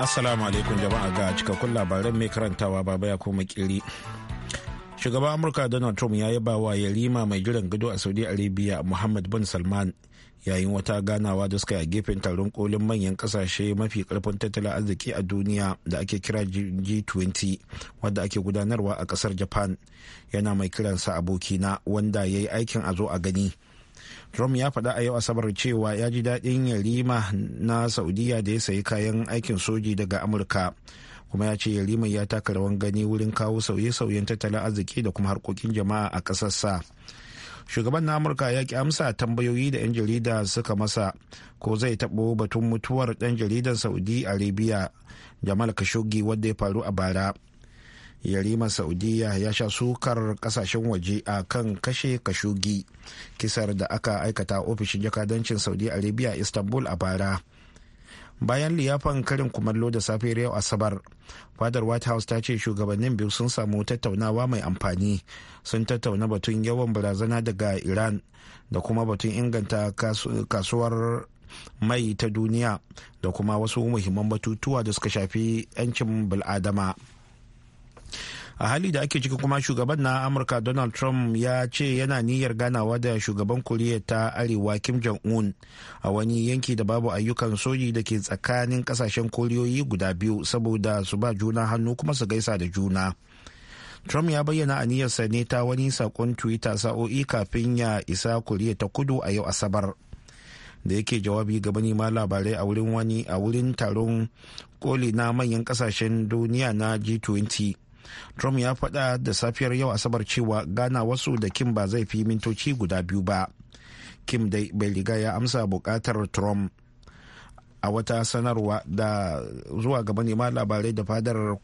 Assalamu alaikum jama'a ga cikakkun labaran mai karantawa baba ya koma kiri. Shugaban Amurka Donald Trump ya yaba wa yarima mai jiran gado a Saudi Arabia Muhammad bin Salman yayin wata ganawa da suka yi a gefen taron kolin manyan kasashe mafi karfin tattalin arziki a duniya da ake kira G20 wadda ake gudanarwa a kasar Japan yana mai kiransa abokina wanda ya yi aikin a zo a gani. Trump ya faɗa a yau Asabar cewa ya ji daɗin yarima na Saudiya da ya sayi kayan aikin soji daga Amurka. kuma ya ce yarima ya taka rawan gani wurin kawo sauye-sauyen tattalin arziki da kuma harkokin jama'a a ƙasarsa. Shugaban na Amurka ya ki amsa tambayoyi da 'yan jarida suka masa ko zai taɓo batun mutuwar ɗan jaridan Saudi Arabia Jamal Khashoggi wadda ya faru a bara. yarima saudiya ya sha sukar kasashen waje a kan kashe kashugi kisar da aka aikata ofishin jakadancin saudi arabia istanbul a bara bayan liyafan karin kumallo da safiyar yau asabar fadar white house ta ce shugabannin biyu sun samu tattaunawa mai amfani sun tattauna batun yawan barazana daga iran da kuma batun inganta kasuwar mai ta duniya da kuma wasu muhimman batutuwa da suka shafi 'yancin bil'adama. a hali da ake ciki kuma shugaban na amurka donald trump ya ce yana niyyar ganawa da shugaban koriya ta arewa kim jong-un a wani yanki da babu ayyukan soji da ke tsakanin kasashen koriyoyi guda biyu saboda su ba juna hannu kuma su gaisa da juna trump ya bayyana a aniyarsa ne ta wani sakon twitter sa'o'i kafin ya isa koriya ta kudu a yau asabar da yake jawabi ga manema labarai a wurin wani a wurin taron koli na manyan kasashen duniya na g20 trump ya faɗa da safiyar yau asabar cewa gana wasu da kim ba zai fi mintoci guda biyu ba kim dai bai riga ya amsa bukatar trump a wata sanarwa da zuwa ne ma labarai da fadar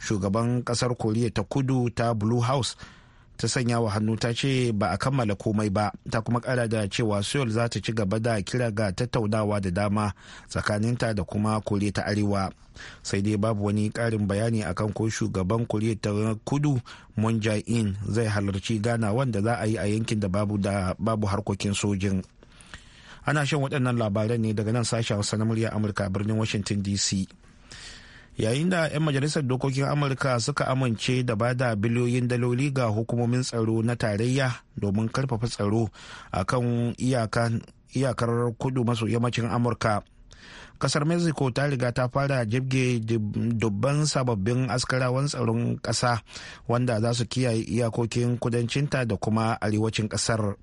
shugaban kasar koriya ta kudu ta blue house ta sanya wa hannu ta ce ba a kammala komai ba ta kuma kara da cewa seoul za ta ci gaba da kira ga tattaunawa da dama tsakaninta da kuma koriya ta arewa sai dai babu wani karin bayani akan ko shugaban koriya ta kudu moon in zai halarci gana wanda za a yi a yankin da babu da babu harkokin sojin ana shan waɗannan labaran ne daga nan sashen hausa murya amurka birnin washington dc yayin da 'yan majalisar dokokin amurka suka amince da bada biliyoyin daloli ga hukumomin tsaro na tarayya domin karfafa tsaro a kan iyakar kudu maso yammacin amurka kasar mexico ta riga ta fara jibge dubban sababbin askarawan tsaron ƙasa wanda za su kiyaye iyakokin kudancinta da kuma arewacin ƙasar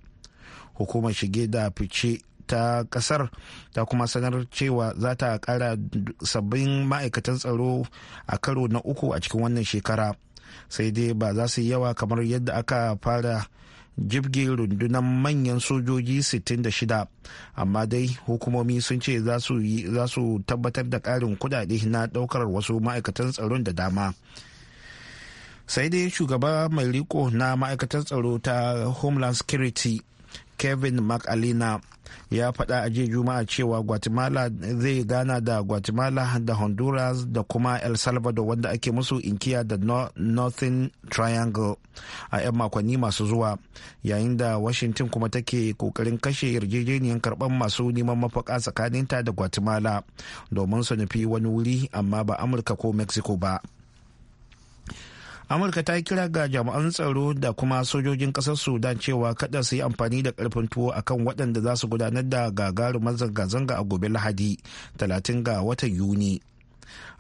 hukumar shige da fice ta kasar ta kuma sanar cewa za ta kara sabbin ma'aikatan tsaro a karo na uku a cikin wannan shekara sai dai ba za su yi yawa kamar yadda aka fara jibge rundunar manyan sojoji 66 amma dai hukumomi sun ce za su tabbatar da karin kudade na daukar wasu ma'aikatan tsaron da dama sai dai shugaba mai riko na ma'aikatar tsaro ta homeland security kevin mcalina ya faɗa a jiya juma'a cewa guatemala zai gana da guatemala da honduras da kuma el salvador wanda ake musu inkiya da northern triangle a 'yan makonni masu zuwa yayin da washington kuma take kokarin kashe yarjejeniyar karɓar masu neman mafaka tsakaninta da guatemala domin su nufi wani wuri amma ba amurka ko mexico ba. amurka ta yi kira ga jami'an tsaro da kuma sojojin kasar sudan cewa kada su yi amfani da karfin tuwo akan waɗanda za su gudanar da gagarumar zanga-zanga a gobe lahadi 30 ga watan yuni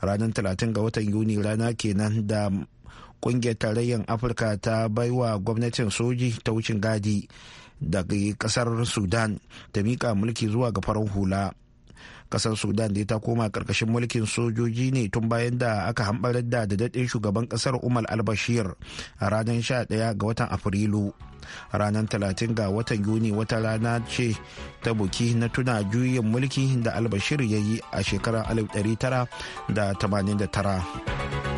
ranar 30 ga watan yuni rana kenan da kungiyar tarayyar afirka ta baiwa gwamnatin soji ta wucin gadi daga kasar sudan ta mika mulki zuwa ga farin hula kasar sudan da ta koma karkashin mulkin sojoji ne tun bayan da aka hambarar da daɗin shugaban kasar umar albashir a ranar 11 ga watan afrilu ranar 30 ga watan yuni wata rana ce ta buki na tuna juyin mulki da albashir ya yi a shekarar 1989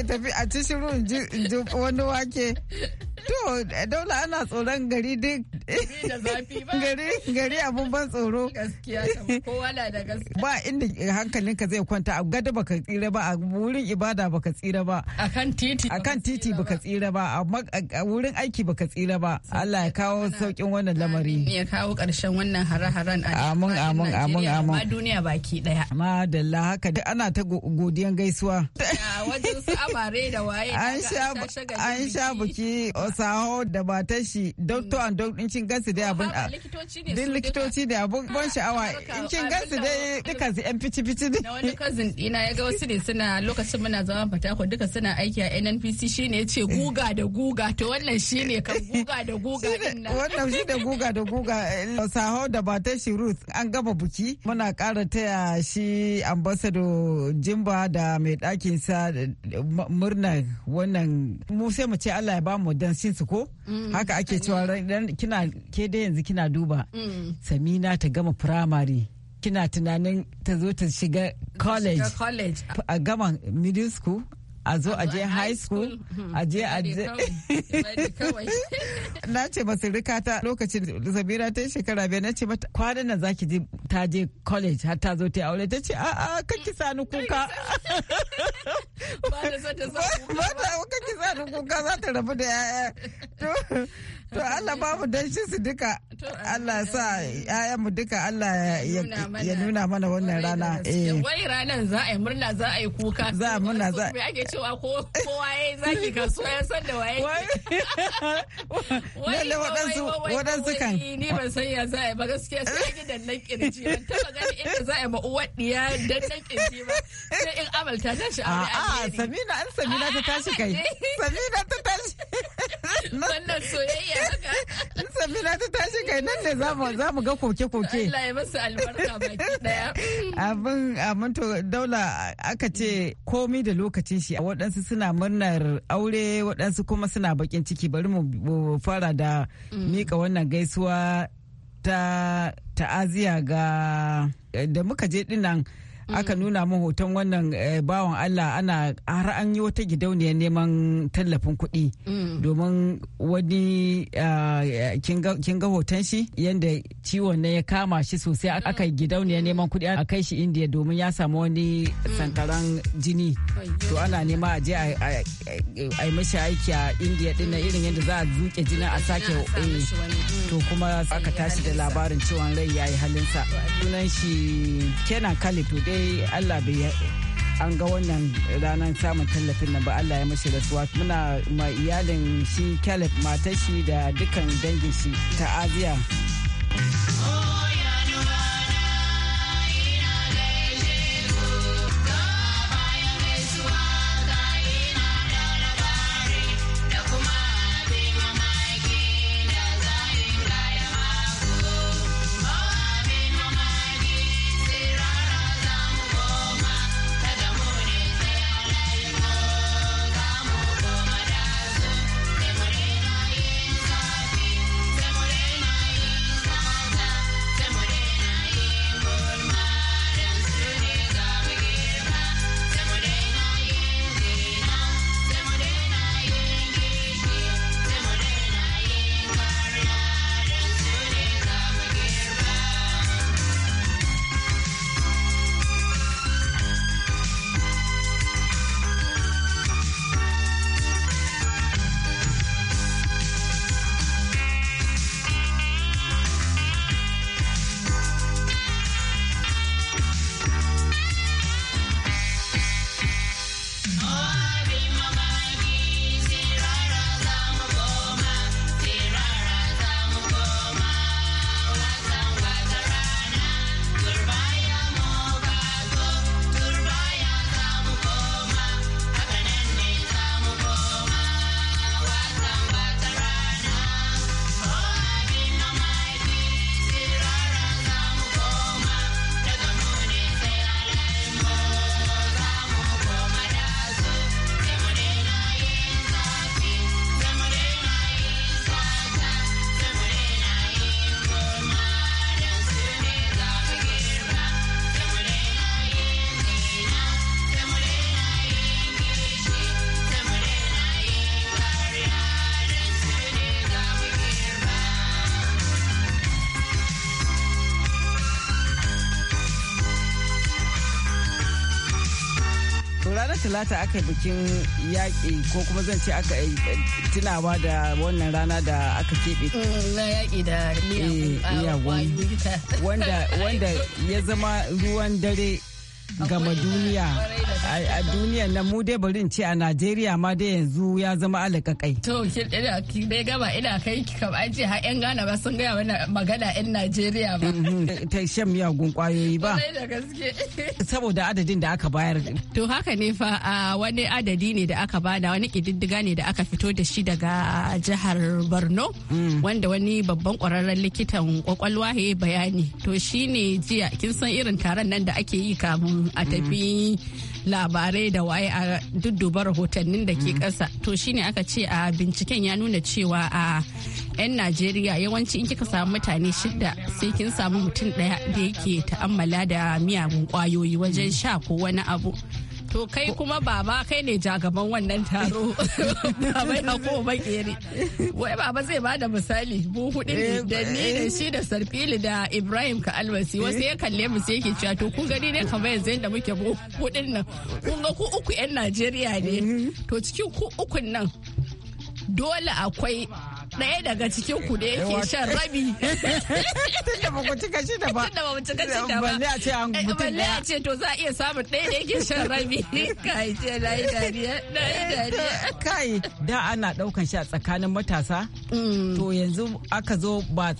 I tafi a ci shiru wani wake to daula ana tsoron gari duk da zafi ba. Gari abun ban tsoro. Gaskiya kowa na da gaskiya. Ba inda hankalinka zai kwanta a gada baka tsira ba a wurin ibada baka tsira ba. A kan titi. A kan titi baka tsira ba a wurin aiki baka tsira ba. Allah ya kawo saukin wannan lamari. Ya kawo ƙarshen wannan hare-haren a Amin amin amin amin. Ma duniya baki daya. Madalla haka duk ana ta godiyan gaisuwa. Wajen su amare da waye. An sha buki, Osaho da matashi. Doctor and Doctor cin gasi gansu dai abun a din ah, likitoci da abun ban sha'awa in kin gansu dai duka su yan fici fici ne na wani cousin dina ya ga wasu ne suna lokacin muna zaman fatako duka suna aiki a NNPC shine ya ce guga da guga to wannan shine kan guga da guga din nan wannan shi da guga da guga saho da batar shi Ruth an gaba buki muna ƙara taya shi ambassador Jimba da mai ɗakin sa murna wannan mu sai mu ce Allah ya ba mu dan sinsu ko mm. haka ake cewa kina ke dai yanzu kina duba mm. samina ta gama firamare kina tunanin ta zo ta shiga college a gama middle school a zo a je high school hmm. a je a je na ce masu rika ta lokacin zabira ta shekara biyar na ce mata kwanan nan zaki je ta je college har ta zo ta aure ta ce a'a kake ki sani kuka ba ta za ta kuka za ta rabu da yaya To Allah ba mu dan shi su duka. Allah sa ayyan mu duka Allah ya nuna mana wannan rana. Eh. Wai ranan za a yi murna za a yi kuka. Za a murna za. Me ake cewa ko kowa yayi zaki kasuwa ya san da waye. Wai lalle wadansu wadansu kan. Ni ban san ya za a yi ba gaskiya sai gidan nan kirji ban taba gani inda za a yi ma uwar diya dan nan kirji ba. Sai in amalta ta shi a Samina an Samina ta tashi kai. Samina ta tashi. wannan soyayya haka samina ta tashi kai nan da za mu ga koke-koke Allah ya masa albarka baki daya abin to daula aka ce komi da lokacin shi a waɗansu suna murnar aure waɗansu kuma suna bakin ciki bari mu fara da mm. mika wannan gaisuwa ta ta'aziya ga da muka je dinnan aka mm. nuna min hoton wannan eh, bawan Allah ana har an yi wata gidauniyar neman tallafin kuɗi mm. domin wani ah, kin ga hoton shi yadda ciwon ne ya kama shi sosai aka yi gidauniyar neman kuɗi a kai shi indiya domin ya samu wani mm. sankaran jini to ana nema a je a yi mashi aiki a indiya din irin yadda za a zuke jini a sake eh. to kuma aka tashi da labarin ciwon rai ya yi halinsa sunan shi kenan kalito dai dai Allah bai an ga wannan ranar samun tallafin nan ba Allah ya mashi rasuwa muna ma iyalin shi Caleb matashi shi da dukkan dangin shi ta Aziya ta aka bikin yaƙi ko kuma zan ce aka yi tunawa da wannan rana da aka keɓe. Mm, na yaƙi da miyagun eh, wanda ya zama ruwan dare gama duniya a duniya na mu dai bari ce a Najeriya ma dai yanzu ya zama alakakai. To ki dai gama ina kai ki kam an ce har yan Ghana ba sun gaya mana magana yan Najeriya ba. Mhm, ta shan miyagun kwayoyi ba. Saboda adadin da aka bayar. To haka ne fa wani adadi ne da aka bada wani kididdiga ne da aka fito da shi daga jihar Borno mm. wanda wani babban kwararren likitan kwakwalwa ya bayani. To shine jiya kin san irin taron nan da ake yi kamun a tafi labarai da waye a dudduba rahotannin da ke mm. ƙasa to shine aka ce a binciken ya nuna cewa a 'yan najeriya yawanci in kika samu mutane shida sai kin samu mutum ɗaya da yake ta'ammala da miyagun kwayoyi wajen sha ko wani abu To kai kuma baba kai ne jagaban wannan taro. Baba ya ko Wai baba zai bada misali mu hudu ne eh, da ni da eh. shi da Sarfili da Ibrahim ka almasi wasu ya kalle mu sai yake cewa to kun gani ne kamar yanzu da muke mu hudun nan. Kun ga ku uku 'yan Najeriya ne. Mm-hmm. To cikin ku ukun nan dole akwai ɗaya daga cikin ku da yake shan rabi. Tunda ba ku cika shi da ba. Tunda ba ku cika shi da ba. Balle a ce an eh, mutum Balle a ce to za a iya samun ɗaya da yake shan rabi. Kai ce na yi dariya na eh, dariya. Kai da ana ɗaukan shi a tsakanin matasa. Mm. To yanzu aka zo ba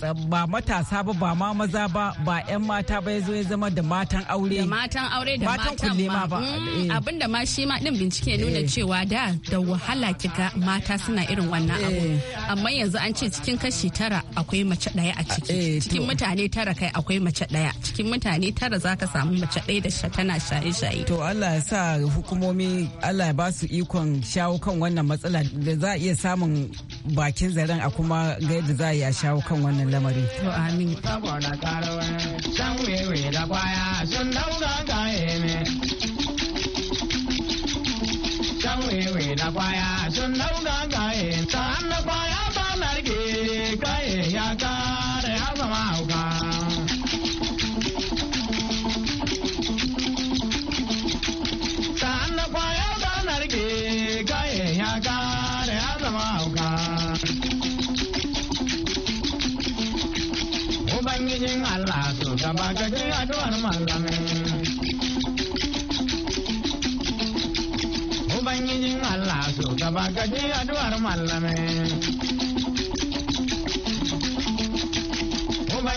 matasa ba ba ma maza ba ba 'yan mata ba ya zo ya zama da matan aure. Da matan aure da matan kulle ma ba. Mm, eh. Abinda ma shi ma ɗin bincike nuna cewa da da wahala kika mata suna irin wannan abu. Amma yanzu yanzu an ce cikin kashi tara akwai mace ɗaya a ciki eh, cikin mutane tara kai akwai mace ɗaya cikin mutane tara za ka samu mace ɗaya da tana shaye-shaye. to Allah ya sa hukumomi Allah ya ba su ikon shawo kan wannan matsala da za a iya samun bakin zaren a kuma ga yadda za a iya shawo kan wannan lamari. to amin. sun we win a fire? Shouldn't have gone in. Turn the fire. kaye ya kare ya zama hauka. Sa'an na kwayar kaye ya ya zama Ubangijin Allah su gaba gaji addu'ar mallamin. mallamin.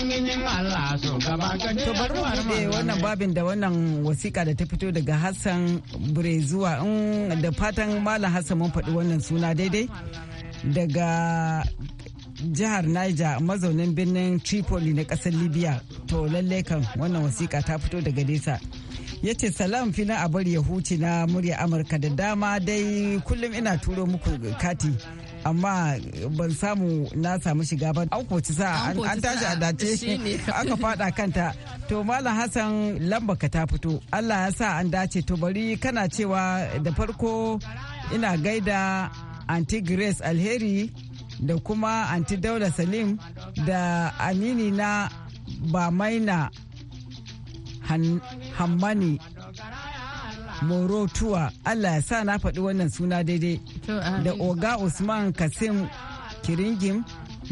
Allah To bari mu bude wannan babin da wannan wasiƙa da ta fito daga Hassan Burezuwa da fatan Malam Hassan mun faɗi wannan suna daidai daga jihar Niger mazaunin birnin Tripoli na ƙasar Libya. To lallai kan wannan wasiƙa ta fito daga nesa. ya ce salam fi a bari ya huce na murya amurka da dama dai kullum ina turo muku kati amma ban samu na samu shiga ba an koci sa an tashi a dace aka fada kanta to malam hassan lamba ka ta fito allah ya sa an dace to bari kana cewa da farko ina gaida anti grace alheri da kuma anti daula salim da amini na bamaina hammani morotuwa allah ya sa na faɗi wannan suna daidai da oga usman kasim kiringim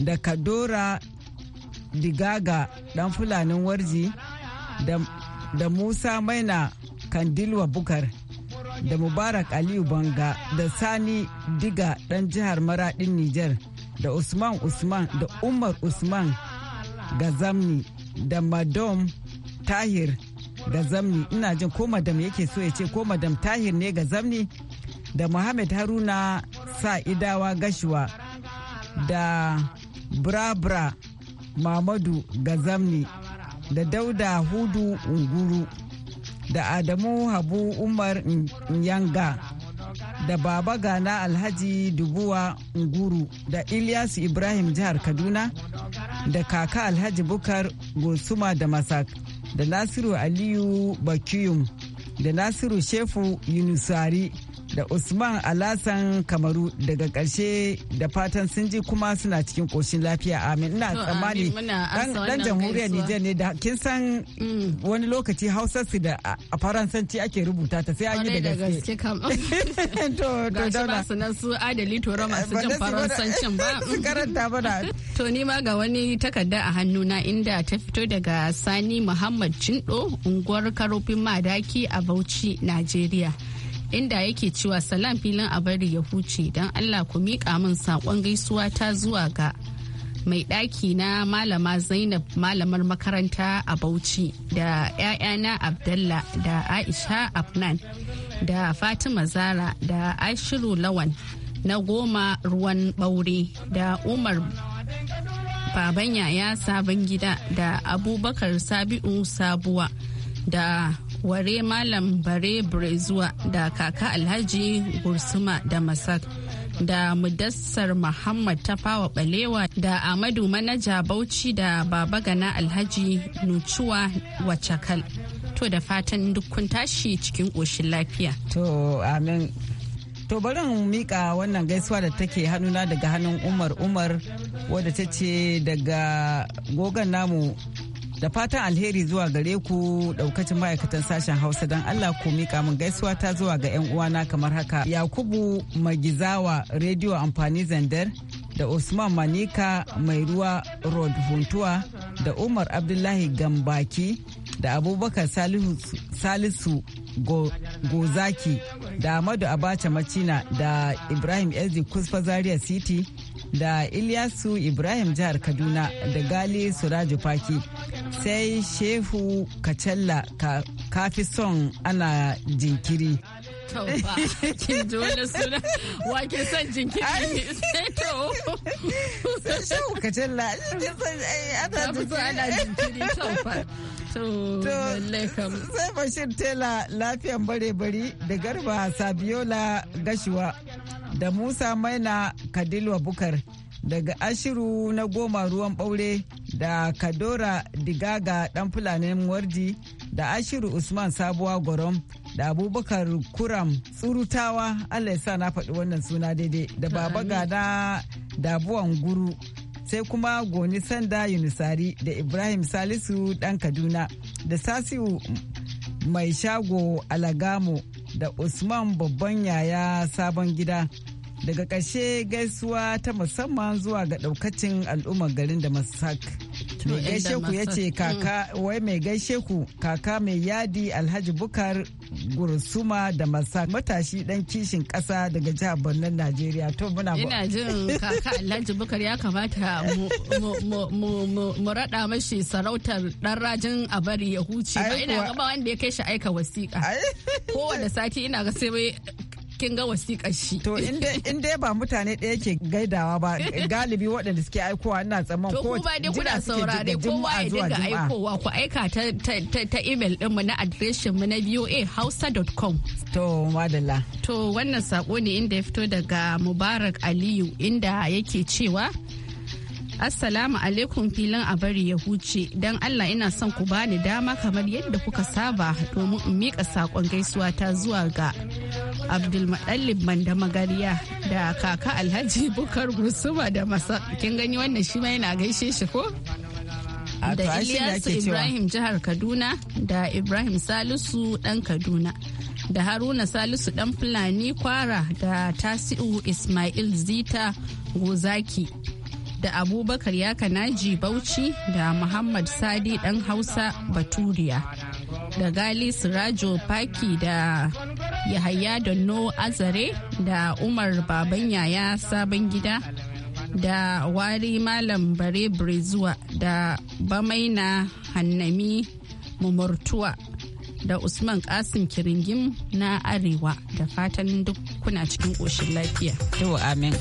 da kadora digaga dan fulanin warji da, musa maina kandilwa bukar da mubarak aliyu banga da sani diga dan jihar maradin niger da usman usman da umar usman gazamni da madom tahir da zamni ina jin ko madam yake so ya ce ko madam tahir ne ga zamni da muhammad haruna sa idawa gashuwa da brabra mamadu ga zamni da dauda hudu unguru da adamu habu umar yanga da baba gana alhaji dubuwa nguru da ilyasu ibrahim jihar kaduna da kaka alhaji bukar gosuma da masak da Nasiru Aliyu bakiyun da Nasiru Shefu Yunusari da Usman Alasan Kamaru daga ƙarshe da fatan sun ji kuma suna cikin ƙoshin lafiya amin ina tsammani dan jamhuriyar Nijar ne da kin san mm. wani lokaci Hausa su da a Faransanci ake rubuta ta sai an yi da gaske. To to ba su nan su adali toro eh, masu jin Faransancin ba. Su karanta da To ni ma ga wani takarda a hannu na inda ta fito daga Sani Muhammad Cindo unguwar Karofin Madaki a Bauchi, Najeriya. inda yake cewa salam filin a bari ya huce don allah ku miƙa min saƙon gaisuwa ta zuwa ga mai ɗaki na malama zainab malamar makaranta a bauchi da 'ya'yana abdalla da aisha afnan da fatima zara da ashiru lawan na goma ruwan ɓaure da umar baban yaya sabon gida da abubakar sabi'u sabuwa da ware malam bare brezuwa da kaka alhaji gursuma da masak da mudassar muhammad fawa balewa da amadu manaja bauchi da baba gana alhaji nucuwa wacakal to da fatan duk tashi cikin ƙoshin lafiya to amin To bari mu mika wannan gaisuwa da take hannuna daga hannun Umar Umar wadda ta ce daga gogon namu da fatan alheri zuwa gare ku daukacin ma'aikatan sashen hausa don allah ku mika min gaisuwa ta zuwa ga 'yan uwana kamar haka yakubu magizawa rediyo amfani zandar da usman manika mai ruwa rod huntuwa da umar abdullahi gambaki da abubakar salisu gozaki da amadu abacha macina da ibrahim elzi kusfa zaria city da Ilyasu Ibrahim jihar Kaduna da Gali Suraju Faki sai Shehu Kacalla ka, kafi son ana jinkiri tauba kin ji wani suna wake son jinkiri sai eh to ka jalla eh, ana jinkiri to sai bashir tela lafiyan bare bari da garba sabiola gashiwa da musa maina kadilwa bukar daga ashiru na goma ruwan ɓaure da kadora digaga ɗan fulanin wardi da ashiru usman sabuwa gorom da abubakar kuram tsurutawa allah sa na faɗi wannan suna daidai da baba gada dabuwan guru sai kuma goni sanda yunisari da ibrahim salisu ɗan kaduna da sasiu mai shago alagamo da usman babban yaya sabon gida daga ƙarshe gaisuwa ta musamman zuwa ga ɗaukacin al'ummar garin da masak mai gaishe ku ya ce kaka mm. wai mai gaishe ku kaka mai yadi alhaji bukar gursuma da masak matashi dan kishin ƙasa daga jihar Borno Najeriya to muna ina jin kaka alhaji bukar ya kamata mu raɗa mashi sarautar ɗan rajin a bari ya huce ba ina gaba wanda ya kai shi aika wasiƙa kowane sati ina ga sai kin ga wasiƙa shi. To in dai ba mutane ɗaya ke gaidawa ba galibi waɗanda suke aikowa ina tsammanin ko ba dai kuna saurare kowa ya dinga aikowa ku aika ta email din mu na adireshin mu na hausa.com. To madalla. To wannan saƙo ne inda ya fito daga Mubarak Aliyu inda yake cewa Assalamu alaikum filin a bari ya huce don Allah ina son ku bani dama kamar yadda kuka saba domin in miƙa saƙon gaisuwa ta zuwa ga abdulmadallib mandamagariya da kaka alhaji bukar gusuma da masa kin gani wannan shi ma yana gaishe shi ko da Ilyasu Ibrahim jihar Kaduna da Ibrahim Salisu dan Kaduna da Haruna Salisu dan Fulani Kwara da Tasi'u Ismail Zita Gozaki da Abubakar Yaka Naji Bauchi da Muhammad Sadi dan Hausa Baturiya da Gali Sirajo Paki da yahaya no azare da umar baban yaya sabon gida da wari malam bare zuwa da bamaina hannami mumurtuwa da usman kasim kiringin na arewa da fatan duk kuna cikin ƙoshin lafiya. Yau amin.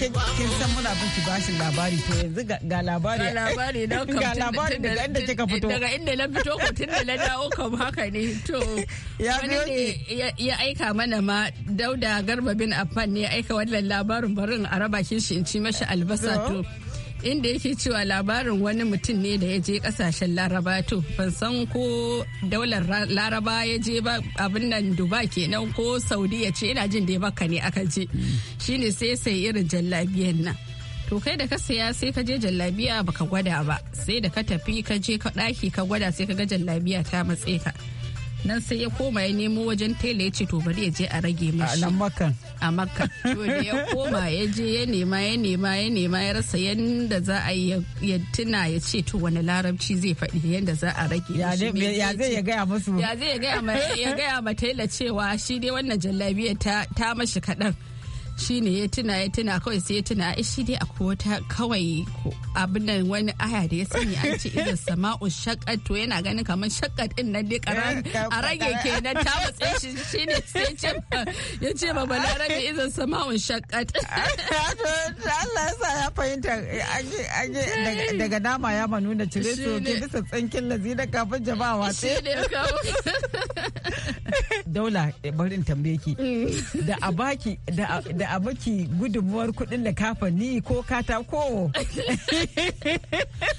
kin san muna bin ki bashin labari to yanzu ga labari ga labari na kam ga labari daga inda kika fito daga inda na fito ko tun da na dawo kam haka ne to wani ne ya aika mana ma Dauda Garba bin Affan ne ya aika wannan labarin barin a raba shi in ci mashi albasa to inda yake cewa labarin wani mutum ne da ya je kasashen laraba to ban san ko daular laraba ya je ba abin nan duba kenan ko saudi ya ce yana jin da ya baka ne aka je shine sai sai irin jallabiyan nan to kai da ka saya sai ka je jallabiya baka gwada ba sai da ka tafi ka je ka daki ka gwada sai ka ga jallabiya ta matse ka nan sai ya koma ya nemo wajen tele ya ce to bari ya je a rage mashi a makan a makan to da ya koma ya je ya nema ya nema ya nema ya rasa yadda za a yi tuna ya ce to wani larabci zai faɗi yadda za a rage mashi ya zai ya gaya musu ya zai ya gaya ma tela cewa shi dai wannan jallabiya ta mashi kaɗan shi ne ya tuna ya tuna kawai sai ya tuna a shi dai akwai wata kawai abin nan wani aya da ya sani an ce idan sama'u shakat to yana ganin kamar shakat din nan dai karan a rage kenan ta matsayin shi shi ne sai ce ya ce ba balarabe sama sama'u shakat Allah ya sa ya fahimta daga nama ya ma nuna cire su ke bisa tsankin na zina kafin jama'a watsi daula eh, barin tambaye ki mm. da abaki da a baki gudunmuwar kudin kafani ko katako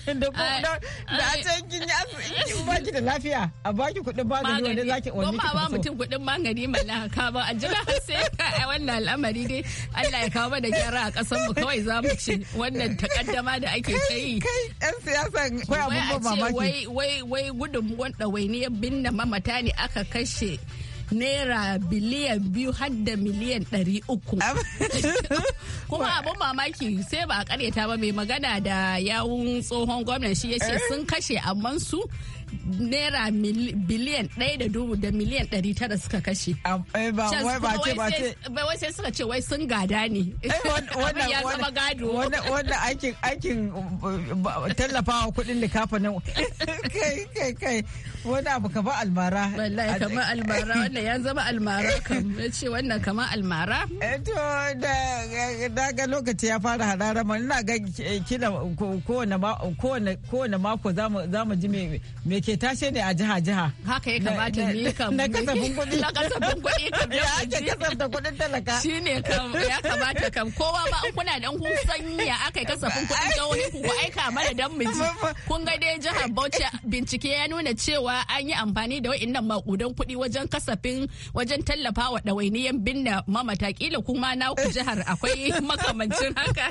da da a can kin yi ki da lafiya a baki kudin magani wanda ki wani ki ba mutum kudin magani mana ka ba a jira sai ka wannan al'amari dai Allah ya kawo mana gyara a kasar mu kawai za mu ci wannan takaddama da ake ta yi kai yan siyasa kai abun ba mamaki wai wai wai gudunmuwar ɗawainiyar binne mamata ne aka kashe naira biliyan biyu har da miliyan ɗari uku. Kuma abun mamaki sai ba a ƙaryata ba mai magana da yawun tsohon gwamnan shi ya ce eh? sun kashe amman su naira biliyan ɗaya da dubu da miliyan ɗari tara suka kashe. Eh, bai sai suka ce wai sun gada ne. Eh, wannan ya zama gado. Wanda aikin aikin tallafawa kuɗin likafa nan. Kai kai kai wani abu kama almara. Wallahi kama almara wannan ya zama almara kam. Ya ce wannan kama almara. Eto eh, da ga lokaci ya fara hadara, ma ina ga kina kowane mako za mu ji me da ke tashe ne a jiha-jiha. Haka ya kamata ni kam. Na kasafin kuɗi. Na kasafin kuɗi kam. Ya ake kasafta kuɗin talaka. Shi ne kam ya kamata kam kowa ba in kuna dan kun sanya aka yi kasafin kuɗin wani ku ku aika mana dan mu ji. Kun ga dai jihar Bauchi bincike ya nuna cewa an yi amfani da wa'innan makudan kuɗi wajen kasafin wajen tallafa wa ɗawainiyan binna mamata kila kuma na ku jihar akwai makamancin haka.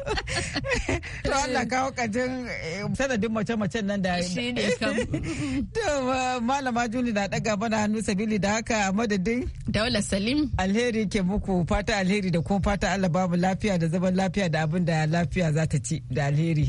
To Allah kawo kajin eh, sanadin mace-macen nan da. Shi ne kam. malama juli na daga mana hannu sabili da haka madadin daula salim alheri ke muku fata alheri da kuma fata allah babu lafiya da zaman lafiya da abin da lafiya za ta ci da alheri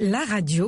la radio